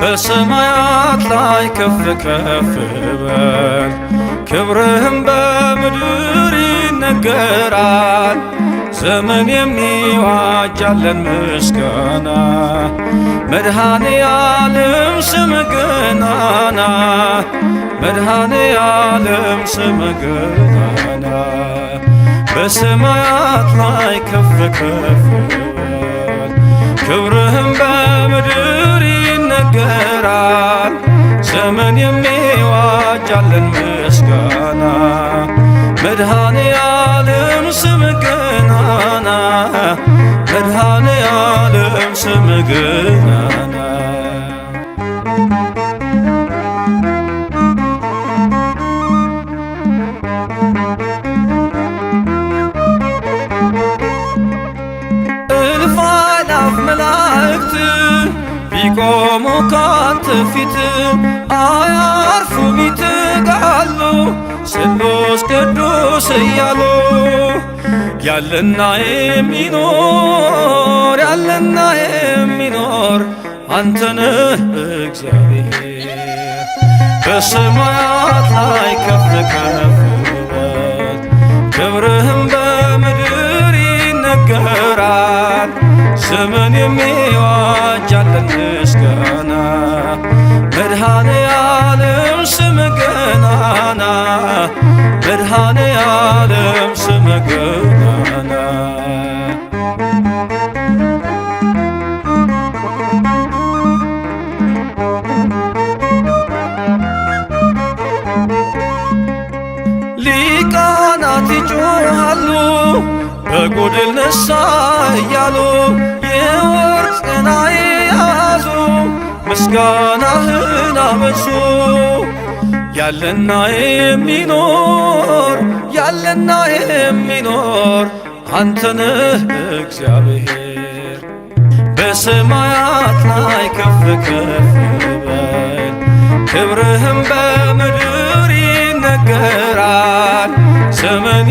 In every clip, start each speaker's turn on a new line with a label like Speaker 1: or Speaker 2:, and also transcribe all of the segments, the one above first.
Speaker 1: በሰማያት ላይ ከፍ ከፍ በል ክብርህም በምድር ይነገራል ዘመን የሚዋጃለን ምስጋና መድኃኔ ዓለም ስም ገናና መድኃኔ ዓለም ስም ገናና በሰማያት ላይ ከፍ ከፍ ክብርህም በምድር ይነገራል ዘመን የሚዋጃለን ምስጋና መድኃኔ ገናና እልፍ አእላፍ መላእክት ቢቆሙ ካንተ ፊት አያርፉም ይትጋሉ ስሉስ ቅዱስ እያሉ ያለና የሚኖር የሚኖር አንተን እግዚአብሔር በሰማያት ላይ ከፍ ከፍበት ክብርህም በምድር ይነገራል። ዘመን የሚዋጅ ያለን ምስጋና መድኃኔ በጎድል ነሳ እያሉ የወር ጽና የያዙ ምስጋናህን አበዙ። ያለና የሚኖር ያለና የሚኖር አንተነህ እግዚአብሔር በሰማያት ላይ ከፍ ከፍ በል ክብርህም በምድር ይነገራል ዘመን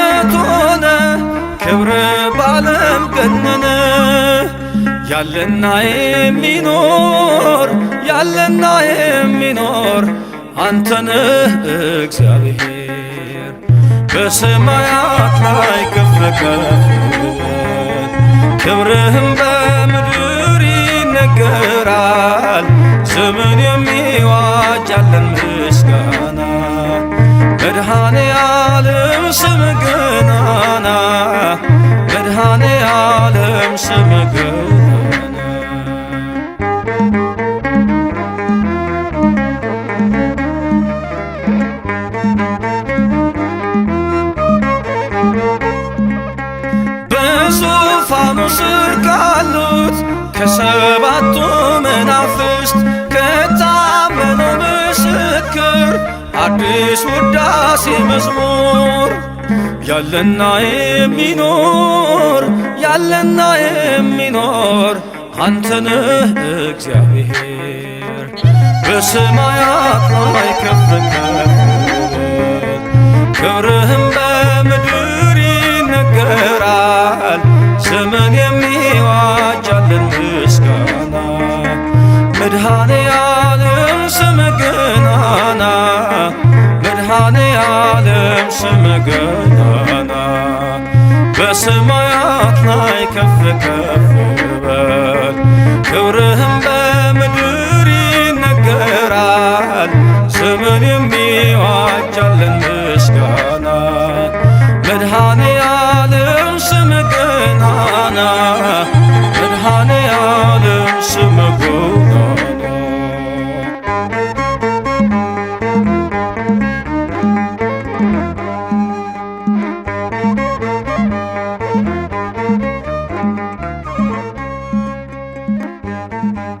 Speaker 1: ያለና የሚኖር ያለና የሚኖር አንተን ነህ እግዚአብሔር። በሰማያት ላይ ከፍ ከፍ ክብርህም በምድር ይነገራል። ዘመን የሚዋጅ ያለን ምስጋና መድኃኔ ዓለም ስም ገናና መድኃኔ ዓለም ስም ገናና ሉት ከሰባቱ መናፍስት ከታመኑ ምስክር አዲስ ውዳሴ መዝሙር ያለና የሚኖር ያለና የሚኖር አንተነህ እግዚአብሔር በሰማያት ላይ ከፍ ከፍ ክብርህም ገናና በሰማያት ላይ ከፍ ከፍ በል ክብርህም በምድር ይነገራል። ስምን የሚዋጃለን ምስጋና መድኃኔ ዓለም ስም ገናና መድኃኔ ዓለም ስም Thank you.